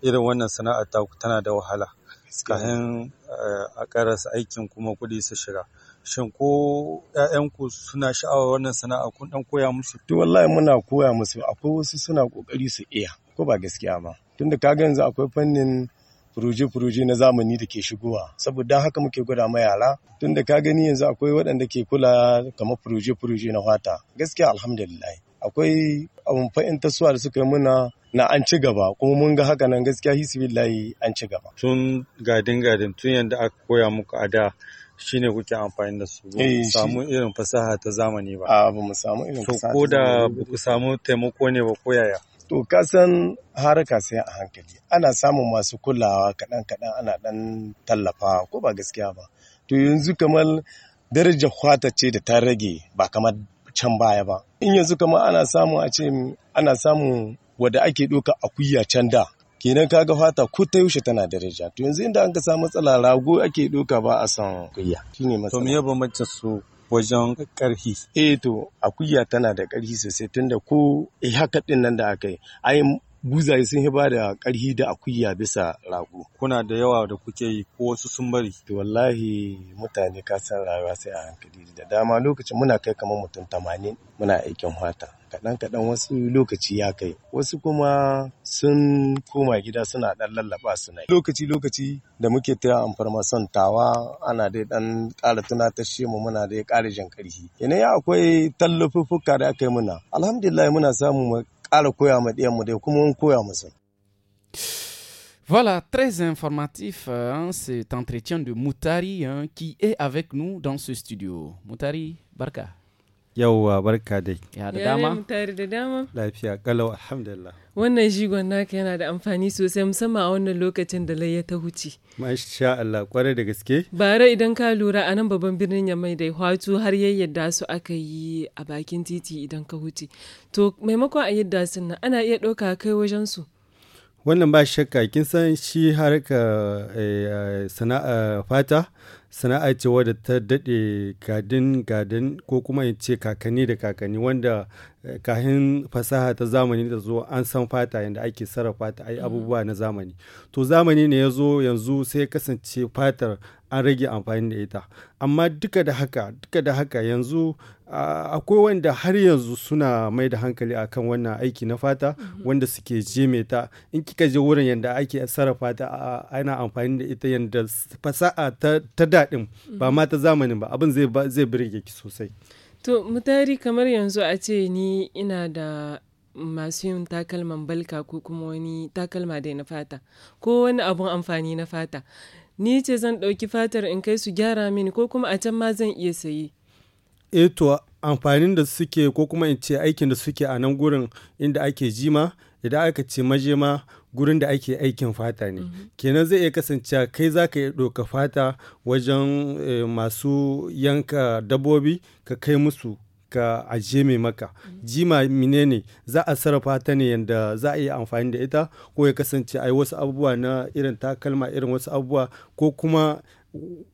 irin wannan sana'ar ta tana da wahala kahin eh, a karasa aikin kuma kuɗi su shiga shin ko ƴaƴanku suna sha'awar wannan sana'a kun dan koya musu to wallahi muna koya musu akwai wasu suna kokari su iya ko ba gaskiya ba tunda kaga yanzu akwai fannin furuje-furuje na zamani da ke shigowa saboda haka muke gwada ma yara tunda ka gani yanzu akwai waɗanda ke kula kamar furuje-furuje na fata gaskiya alhamdulillah akwai um, abun tasuwa da suka yi muna na an ci gaba kuma mun ga haka nan gaskiya billahi an ci gaba tun gadin gadin tun yadda aka koya muku a da shine kuke amfani da su ba eh, samu irin fasaha ta zamani ba a ba mu samu irin fasaha ko da ba ku samu taimako ne ba ko yaya to ka san haraka sai a hankali ana samun masu kulawa kaɗan kaɗan ana ɗan tallafa ko ba gaskiya ba to yanzu kamar daraja kwata ce da ta rage ba kamar can baya ba in yanzu kamar ana samu a ce ana samun wadda ake ɗauka akuya can da kenan kaga fata ko ta yaushe tana daraja to yanzu inda an ka samu matsala rago ake ɗauka ba a san akuya shine matsala to me ya bambanta su wajen karhi eh to akuya tana da karhi sosai tunda ko eh haka din nan da aka yi ai buzaye sun hiba da karhi da akuya bisa rago kuna da yawa da kuke yi ko wasu sun bari to wallahi mutane ka san rayuwa sai a hankali da dama lokacin muna kai kamar mutum 80 muna aikin fata kaɗan kaɗan wasu lokaci ya kai wasu kuma sun koma gida suna ɗan lallaba suna lokaci lokaci da muke tira information tawa ana dai ɗan ƙara tunatar mu muna dai ƙara jan ƙarfi ya akwai tallafuffuka da aka yi muna alhamdulillah muna samu mu ƙara koya ma ɗiyan dai kuma mun koya musu Voilà, très informatif hein, cet entretien de Moutari hein, qui est avec nous dans ce studio. Moutari, Barka. Yauwa barka dai. Ya da dama? Tare da dama. Lafiya kalau alhamdulillah. Wannan jigon naka yana da amfani sosai musamman a wannan lokacin da layya ta huce. Masha Allah kwarai da gaske. bare idan ka lura a nan babban birnin ya mai da hwatu har yadda su aka yi a bakin titi idan ka huce. To maimakon a yadda sun nan ana iya ɗauka kai wajen su. wannan ba shakka kin san shi harka eh, sana'a fata sana'a ce wadda ta daɗe gadin gadin ko kuma in ce kakanni da kakanni wanda eh, kahin fasaha ta zamani da zo an san fata yadda ake sarrafa ta ai abubuwa na zamani to zamani ne ya zo yanzu sai kasance fatar an rage amfani da ita amma duka da haka duka da haka yanzu akwai wanda har yanzu suna mai da hankali akan wannan aiki na fata mhm. wanda suke jeme ta in kika je wurin yadda ake sarrafa ta ana amfani da ita yadda fasa'a ta daɗin ba mhm. ma ta zamanin ba abin zai birge ki sosai to mutari kamar yanzu a ce ni ina da masu yin takalman balka ko kuma wani takalma dai na fata ko wani abun amfani na fata ni ce zan ɗauki fatar in kai su gyara mini ko kuma a can ma zan iya sayi eto eh to amfanin da suke ko kuma in ce aikin da suke a nan gurin inda ake jima idan aka ce majema gurin da ake aikin fata ne mhm. kenan zai iya kasance kai za ka ɗauka fata wajen eh, masu yanka dabbobi ka kai musu ka aje mai maka mhm. jima mine ne za a sarrafa ta ne yadda za a yi amfani da ita ko ya kasance ai wasu abubuwa na irin takalma irin wasu abubuwa ko kuma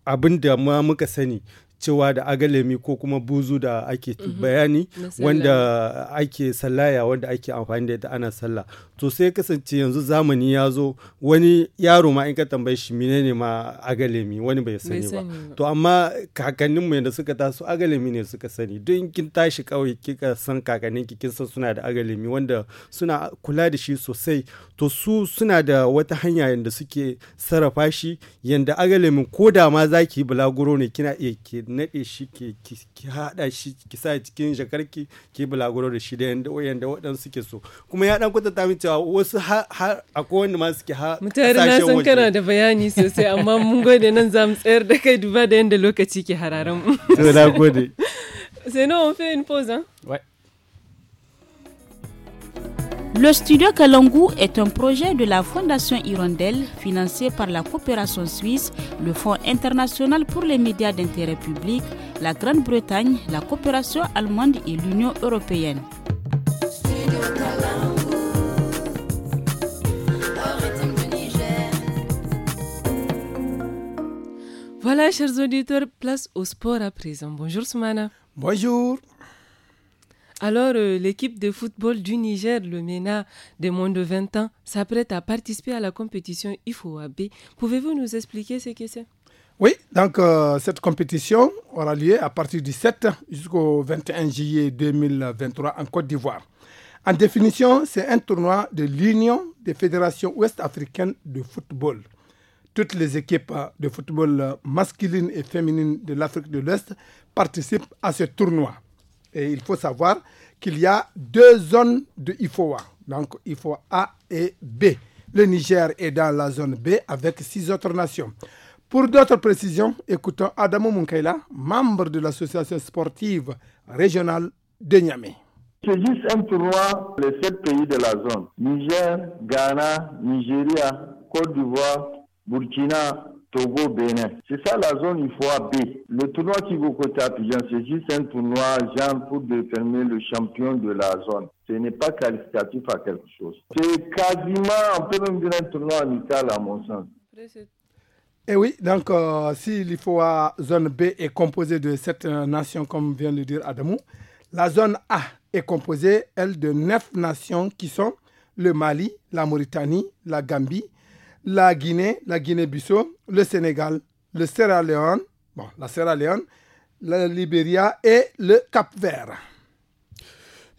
abin da ma muka sani cewa da agalemi ko kuma buzu da ake mhm. bayani wanda ake sallaya wanda ake amfani da ita ana sallah to sai kasance yanzu zamani ya zo wani yaro ma in ka tambaye shi menene ma agalemi wani bai sani ba to amma kakanninmu yadda suka taso agalemi ne suka sani duk kin tashi kawai kika san kakannin kin san suna da agalemi wanda suna kula da shi sosai to su suna da wata hanya yadda suke sarrafa shi yadda agalemin ko da ma zaki bulaguro ne kina iya naɗe shi ki haɗa shi ki sa cikin jakarki ki bulaguro da shi da yanda wayanda waɗansu suke so kuma ya dan kwatanta min cewa wasu har akwai wanda ma suke ha mutane na san kana da bayani sosai amma mun gode nan za mu tsayar da kai duba da yanda lokaci ke hararan mu to na gode c'est non on fait pause ah? Le studio Kalangu est un projet de la Fondation Hirondelle financé par la coopération suisse, le Fonds international pour les médias d'intérêt public, la Grande-Bretagne, la coopération allemande et l'Union européenne. Voilà, chers auditeurs, place au sport à présent. Bonjour Soumana. Bonjour. Alors, euh, l'équipe de football du Niger, le MENA, des moins de 20 ans, s'apprête à participer à la compétition IFOAB. Pouvez-vous nous expliquer ce que c'est Oui, donc euh, cette compétition aura lieu à partir du 7 jusqu'au 21 juillet 2023 en Côte d'Ivoire. En définition, c'est un tournoi de l'Union des fédérations ouest-africaines de football. Toutes les équipes euh, de football masculine et féminine de l'Afrique de l'Ouest participent à ce tournoi. Et il faut savoir qu'il y a deux zones de IFOA, donc IFOA A et B. Le Niger est dans la zone B avec six autres nations. Pour d'autres précisions, écoutons Adamo Munkaila, membre de l'association sportive régionale de Niamey. C'est juste un tournoi, les sept pays de la zone. Niger, Ghana, Nigeria, Côte d'Ivoire, Burkina, c'est ça la zone IFOA B. Le tournoi qui vous côté à Pigeon, c'est juste un tournoi genre pour déterminer le champion de la zone. Ce n'est pas qualificatif à quelque chose. C'est quasiment, on peut même dire un tournoi amical à mon sens. Et eh oui, donc euh, si l'IFOA zone B est composée de sept euh, nations, comme vient de le dire Adamou, la zone A est composée, elle, de neuf nations qui sont le Mali, la Mauritanie, la Gambie, la Guinée, la Guinée-Bissau, le Sénégal, le Sierra Leone, bon, la Sierra Leone, la Libéria et le Cap-Vert.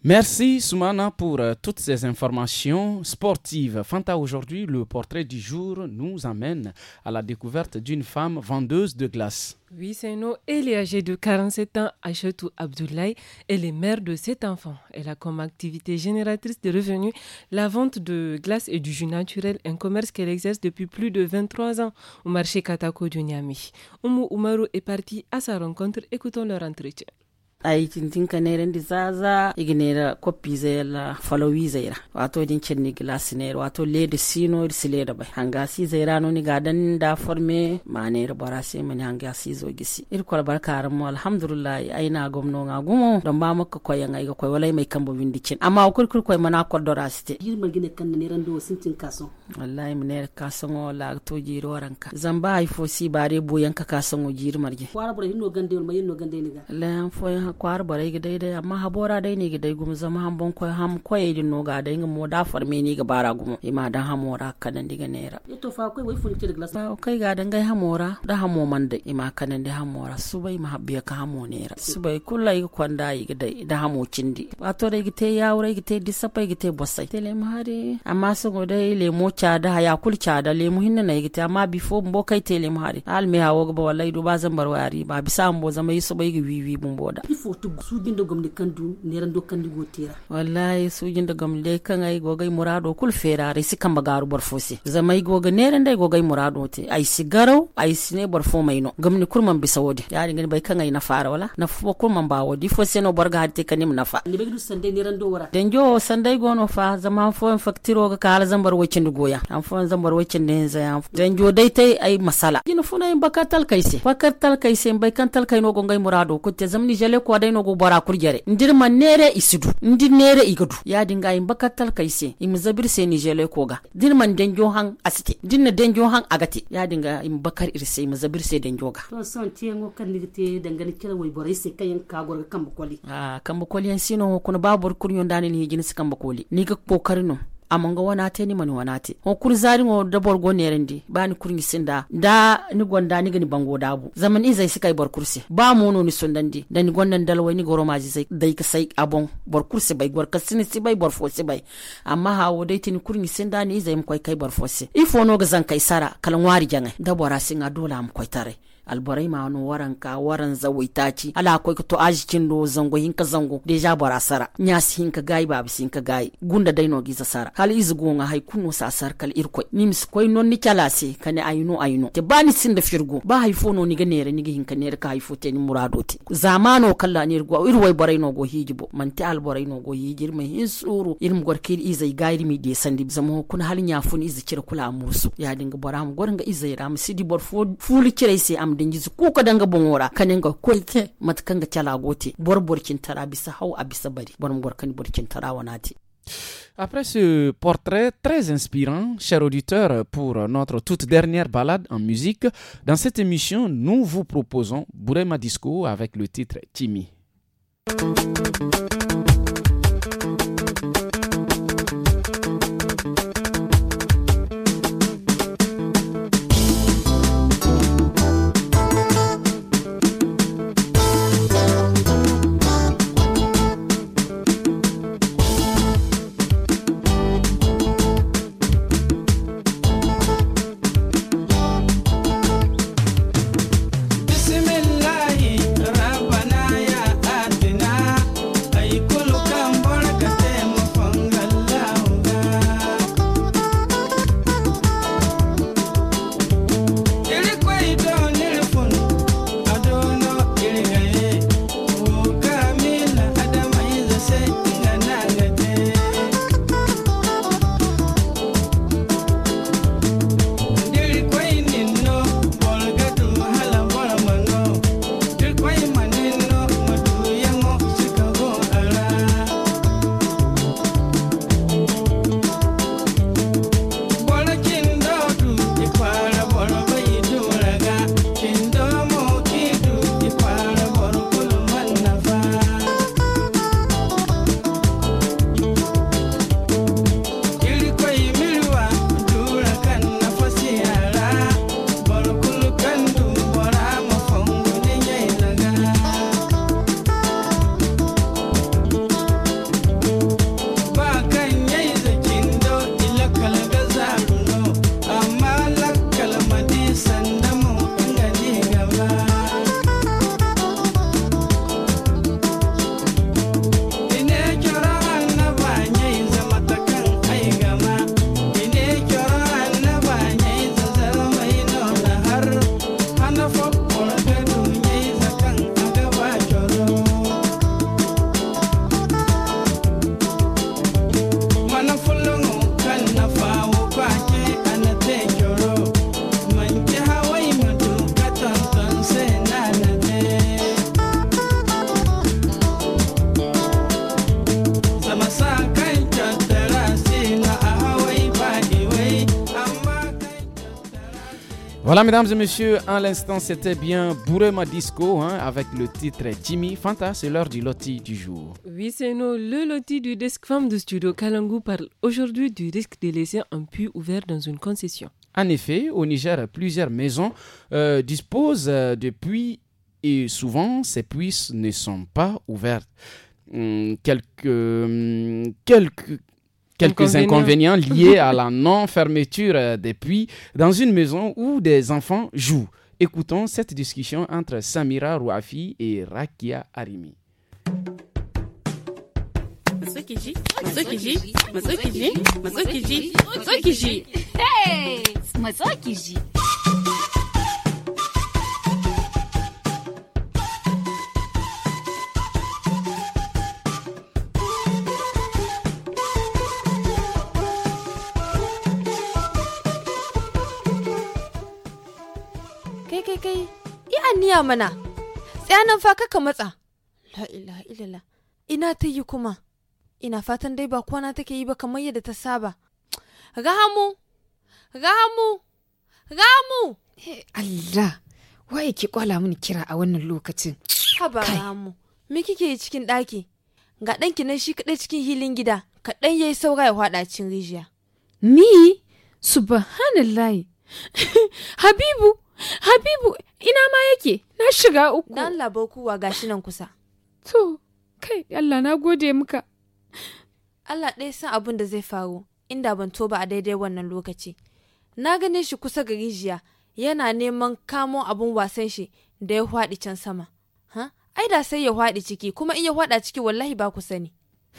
Merci Soumana pour euh, toutes ces informations sportives. Fanta aujourd'hui, le portrait du jour nous amène à la découverte d'une femme vendeuse de glace. Oui, c'est nous. Elle est âgée de 47 ans, Achetou Abdoulaye. Elle est mère de 7 enfants. Elle a comme activité génératrice de revenus la vente de glace et du jus naturel, un commerce qu'elle exerce depuis plus de 23 ans au marché Katako du Niamey. Oumu Umaru est parti à sa rencontre. Écoutons leur entretien. ai ka nere ndi zaza iginera koppi zeyla falowi zeyra wato din cenni glasi ner wato lede sino si leda bay hanga si zeyra no ni gadan da forme manere bara se mani hanga si zo gisi ir kol barkaram mo alhamdulillah ai na gomno nga gumo don ba makko koy ai ga koy walay may kambo windi cin amma kur kur koy mana ko dora site hir gine kan ne rando sintin kaso wallahi mun ne kaso ngo la to jiro ranka zamba ay fo si bare boyan yanka kaso ngo jir marje wara bure hinno gande wal mai hinno gande ni ga la fo ha kwar bare gidai dai amma bora dai ne gidai gumu zama han bon koy ham koy din no ga dai mo da farme ni ga bara gumu ima dan hamora kanan diga nera to fa koy wai funti da glas kai ga dan ha hamora da mo man da ima kanan ha hamora subai ma habbiya ka hamo nera subai kullai ga kwanda yi gidai da hamo cindi wato dai gite yawure gite disapai gite bossai tele mahari amma su go dai lemo cada ya kul cada lemo hinna na gite amma bifo mbo kai tele mahari al me hawo ga wallahi do ba zan bar wari ba bisa mbo zama yi subai ga wiwi bumbo da fo tu sujinda gomde kandu nerando kandi tira wallahi sujinda gomde kan ay gogay murado kul ferare si kamba garu bor fosi zama ay goga neranda gogay murado te ay si garo ay si ne bor fo mayno gomni kurman bisa wodi yari ngani bay kan ay na fara wala na fo kurman ba wodi fo seno bor ga hatte kanim na fa libe du sande nerando wara denjo sande gono fa zama fo en faktiro ga kala zambar wacin goya am fo zambar wacin ne zayan denjo dai tay ay masala jina funa in bakatal kaise bakatal kaise bay kan tal kaino gongay murado ko te zamni jale go bara kurjare ndirma nere isidu ndir nere igadu yadinga yin bakattal kaise im zabir se nijele koga dirman denjo han asite dinna denjo han agate yadinga im bakar irse im zabir se denjo ga to son tiengo kan ligte dangane borise way boray se kayen ka koli ah kamba koli yan sino babur babor kuryon danin hijin se koli ni ga amanga wanate ni mani ta o kur zari ngo da borgo ba ni kurngi sinda da ni gonda ni gani bango da dabu zaman izai zai kai bor kursi ba mu no ni sundandi da ni gondan dalwai ni goro maji sai dai ka sai abon bor kursi bai gor kasini si bai bor fosi bai amma wo dai tin sin sinda ni iza mu kai kai bor fosi ifo no ga zan kai sara kalan wari jangai da bora singa dola mu kai tare Albora ma no waran ka waran zawai ala akwai kuto to chindo zango hinka zango deja bara sara nyasi hinka gai babu hinka gai gunda dayno giza sara kal izi gonga sa kal irkoi nims koi non ni chalasi kane ayuno ayno te bani sinda firgo ba hay ni hinka ka te ni muradoti zamano kala ni irgo irwai borai go hijibo mante alborai no go hijir ma hinsuru izai sandi zamo hal kula musu ya dinga boram gornga izai ram sidi fuli am après ce portrait très inspirant, chers auditeurs, pour notre toute dernière balade en musique, dans cette émission, nous vous proposons Burema Disco avec le titre Timmy. mesdames et messieurs, à l'instant, c'était bien bourré ma Disco hein, avec le titre Jimmy. Fanta, c'est l'heure du loti du jour. Oui, c'est nous. Le loti du desk femme de studio Kalangu parle aujourd'hui du risque de laisser un puits ouvert dans une concession. En effet, au Niger, plusieurs maisons euh, disposent euh, de puits et souvent, ces puits ne sont pas ouverts. Hum, quelques, hum, quelques quelques inconvénients, liés à la non-fermeture euh, des puits dans une maison où des enfants jouent. Écoutons cette discussion entre Samira Rouafi et Rakia Arimi. Hey! duniya mana tsayanan fa kaka matsa la ilaha illallah ina ta yi kuma ina fatan dai ba kwana take yi ba kamar yadda ta saba ramu ramu ramu allah waye ki kwala mini kira a wannan lokacin haba ramu me kike yi cikin daki ga ɗanki nan shi kaɗai cikin hilin gida kaɗan yayi saura ya hwaɗa cin rijiya ni subhanallahi habibu habibu ina ma yake na shiga uku dan labo kuwa shi nan kusa to kai Allah na gode muka Allah ɗaya san abin da zai faru inda ban toba a daidai wannan lokaci na gane shi kusa ga rijiya yana neman kamo abin wasan shi da ya hwaɗi can sama ha ai da sai ya hwaɗi ciki kuma in ya hwaɗa ciki wallahi ba ku sani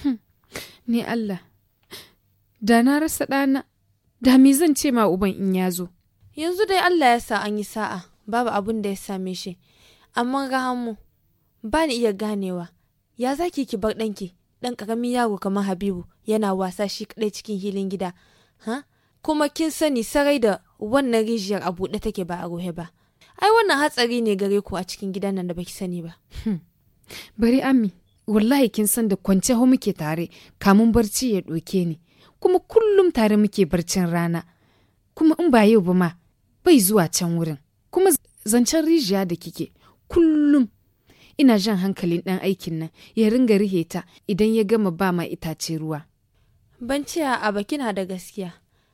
hmm, ni Allah da na rasa ɗana da me zan ce ma uban in ya zo yanzu dai Allah ya sa an yi sa'a babu abun da ya same shi amma ga hannu ba ni iya ganewa ya zaki ki bar ɗanki ɗan ƙarami yaro kamar habibu yana wasa shi kaɗai cikin hilin gida ha kuma kin sani sarai da wannan rijiyar a buɗe take ba a ruhe ba ai wannan hatsari ne gare ku a cikin gidan nan da baki sani ba hmm. bari ami wallahi kin san da kwance ho muke tare kamun barci ya ɗoke ni kuma kullum tare muke barcin rana kuma in ba yau ba ma bai zuwa can wurin kuma zancen rijiya da kike kullum ina jan hankalin ɗan aikin nan ya ringa rihe idan ya gama ba ma itace ruwa. Ban ce a bakina da gaskiya,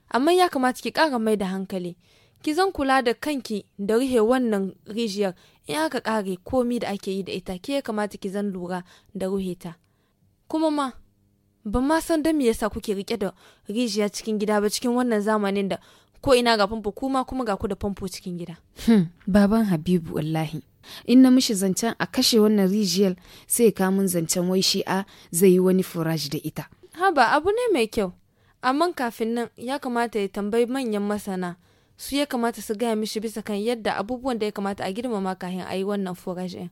amma ya kamata ki ƙara mai da hankali. Ki zan kula da kanki da rihe wannan rijiyar in aka kare komi da ake yi da ita ke ya kamata ki zan lura da ruhe ta. Kuma ma, ban ma san da me yasa kuke rike da rijiya cikin gida ba cikin wannan zamanin da ko ina ga famfo kuma kuma ga ku da famfo cikin gida hmm. baban habibu wallahi in na mishi zancen a kashe wannan rijiyar sai ka mun zancen wai shi'a zai yi wani furaji da ita haba abu ne mai kyau amma kafin nan ya kamata ya tambayi manyan masana su ya kamata su gaya mishi bisa kan yadda abubuwan da ya kamata a girmama kahin a yi wannan furaji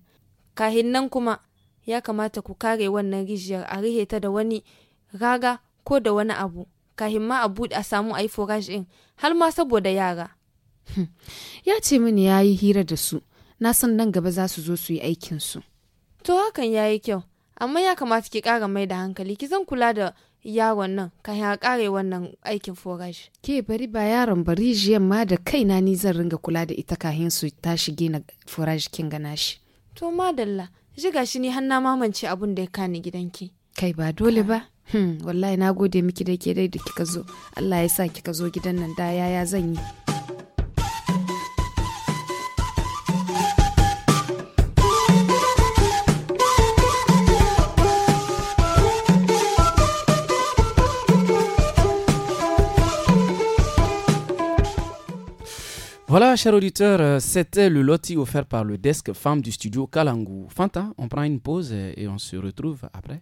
kahin nan kuma ya kamata ku kare wannan rijiyar a rihe ta da wani raga ko da wani abu kahin ma a buɗe a samu a yi forage ɗin har ma saboda yara. Hmm. ya ce mini ya yi hira da su na san nan gaba za su zo su yi aikinsu. To hakan ya yi kyau amma ya kamata ki ƙara mai da hankali ki zan kula da yaron nan kahin a ƙare wannan aikin forage. Ke bari ba yaron bari jiyan ma da kaina ni zan ringa kula da ita kahin su tashi gina forage kin gana shi. To madalla, shiga shi ne har na mamance abin da ya kani gidanki. Kai ba dole ba. Voilà, chers auditeurs, euh, c'était le loti offert par le desk femme du studio Kalangu. Fanta, on prend une pause et on se retrouve après.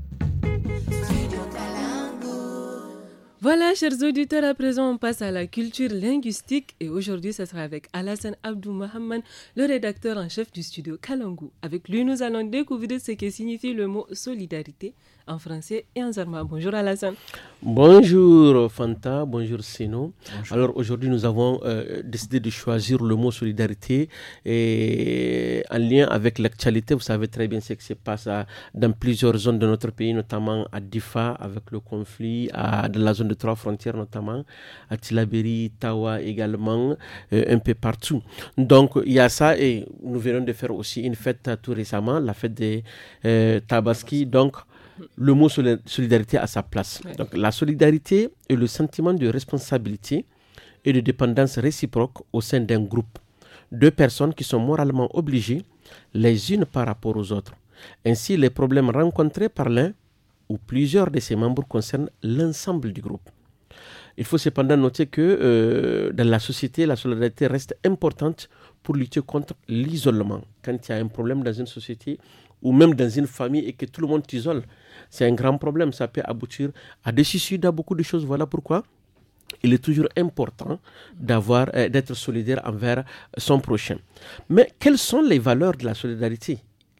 Voilà, chers auditeurs, à présent, on passe à la culture linguistique. Et aujourd'hui, ce sera avec Alassane Abdou Mohamed, le rédacteur en chef du studio Kalangu. Avec lui, nous allons découvrir ce que signifie le mot solidarité en français et en zarma. Bonjour à la Alassane. Bonjour Fanta, bonjour Sino. Alors aujourd'hui nous avons euh, décidé de choisir le mot solidarité et en lien avec l'actualité, vous savez très bien ce qui se passe à, dans plusieurs zones de notre pays, notamment à Difa avec le conflit, à, dans la zone de trois frontières notamment, à Tilaberi, Tawa également, euh, un peu partout. Donc il y a ça et nous venons de faire aussi une fête euh, tout récemment, la fête des Tabaski. Donc le mot solidarité à sa place. Donc la solidarité est le sentiment de responsabilité et de dépendance réciproque au sein d'un groupe. Deux personnes qui sont moralement obligées les unes par rapport aux autres. Ainsi, les problèmes rencontrés par l'un ou plusieurs de ses membres concernent l'ensemble du groupe. Il faut cependant noter que euh, dans la société, la solidarité reste importante pour lutter contre l'isolement. Quand il y a un problème dans une société, ou même dans une famille et que tout le monde t'isole, c'est un grand problème. Ça peut aboutir à des suicides, à beaucoup de choses. Voilà pourquoi il est toujours important d'avoir, euh, d'être solidaire envers son prochain. Mais quelles sont les valeurs de la solidarité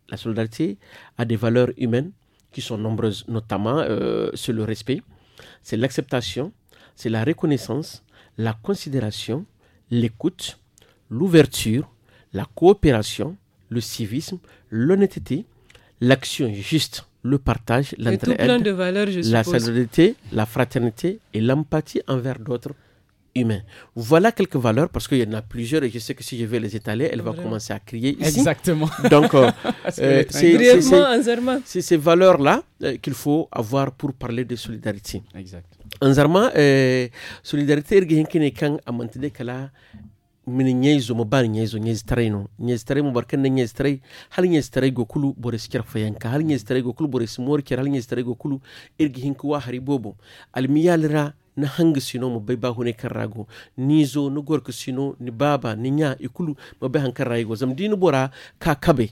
La solidarité a des valeurs humaines qui sont nombreuses, notamment euh, c'est le respect, c'est l'acceptation, c'est la reconnaissance, la considération, l'écoute, l'ouverture, la coopération, le civisme, l'honnêteté, l'action juste, le partage, l'entraide, la solidarité, la fraternité et l'empathie envers d'autres humains. Voilà quelques valeurs parce qu'il y en a plusieurs et je sais que si je vais les étaler, elle va commencer à crier ici. Exactement. Donc, euh, euh, c'est ces valeurs-là euh, qu'il faut avoir pour parler de solidarité. Exact. En solidarité, il y a mini nyezo mo bani nyezo nyezi tare no nyezi tare mo barkan nyezi tare hal nyezi tare go kulu bore sikir fayanka hal nyezi tare go kulu bore simor kir hal nyezi go kulu irgi hinku wa hari bobo al miyalra na hanga sino mo bai bahu ne kan rago ni zo ni gorka sino ni baba ni nya ikulu mo bai hankan rago zam dinu bora ka kabe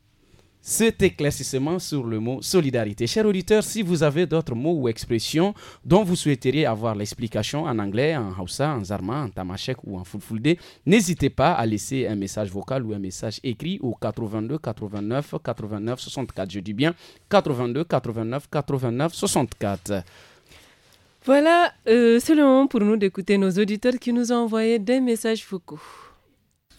cet éclaircissement sur le mot solidarité. Chers auditeurs, si vous avez d'autres mots ou expressions dont vous souhaiteriez avoir l'explication en anglais, en Hausa, en Zarma, en Tamashek ou en Fulfulde, n'hésitez pas à laisser un message vocal ou un message écrit au 82 89 89 64. Je dis bien 82 89 89 64. Voilà, euh, c'est le moment pour nous d'écouter nos auditeurs qui nous ont envoyé des messages vocaux.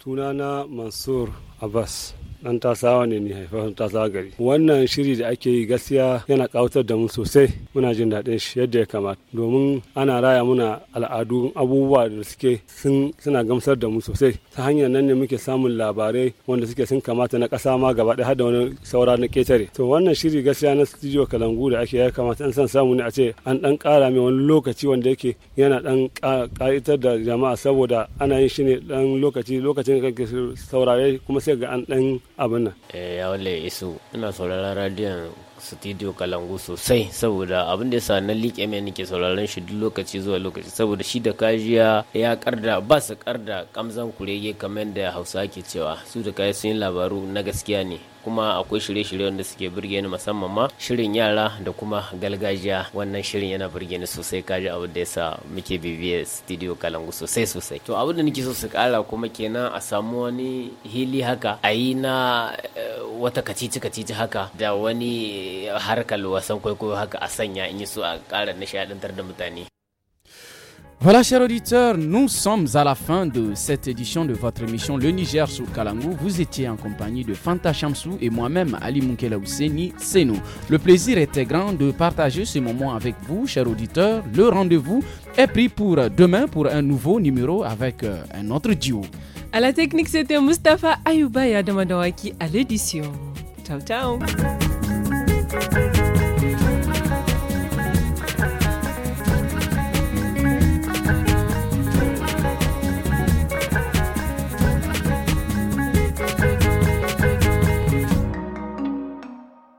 Tunana Mansour Abbas. dan tasawa ne ni haifafan tasawa gari wannan shiri da ake yi gaskiya yana kawatar da mu sosai muna jin daɗin shi yadda ya kamata domin ana raya muna al'adu abubuwa da suke suna gamsar da mu sosai ta hanyar nan ne muke samun labarai wanda suke sun kamata na kasa ma gaba ɗaya har da wani saura na ƙetare to wannan shiri gaskiya na studio kalangu da ake ya kamata an san samu ne a ce an ɗan ƙara mai wani lokaci wanda yake yana ɗan kaitar da jama'a saboda ana yin shi ne ɗan lokaci lokacin da kake saurare kuma sai ga an ɗan abin nan eh ya wale isu ina sauraron radiyon studio kalangu sosai saboda abin da yasa na liƙe mai nake sauraron shi duk lokaci zuwa lokaci saboda shi da kajiya ya karda ba su karda kamzan kurege kamar da hausa ke cewa su da kaji sun yi labaru na gaskiya ne kuma akwai shirye-shirye wanda suke burge ni musamman ma shirin yara da kuma galgajiya wannan shirin yana burge ni sosai kaji abu da yasa muke bibiyar studio kalangu sosai sosai to abin da nake so su kara kuma kenan a samu wani hili haka a yi na eh, wata kacici kacici haka da wani harkar wasan kwaikwayo haka a sanya in yi so a kara nishadantar da mutane Voilà, chers auditeurs, nous sommes à la fin de cette édition de votre émission Le Niger sur Kalangou. Vous étiez en compagnie de Fanta Chamsou et moi-même, Ali Ouseni, c'est nous. Le plaisir était grand de partager ce moment avec vous, chers auditeurs. Le rendez-vous est pris pour demain pour un nouveau numéro avec euh, un autre duo. À la technique, c'était Mustapha Ayubaya et qui à l'édition. Ciao, ciao!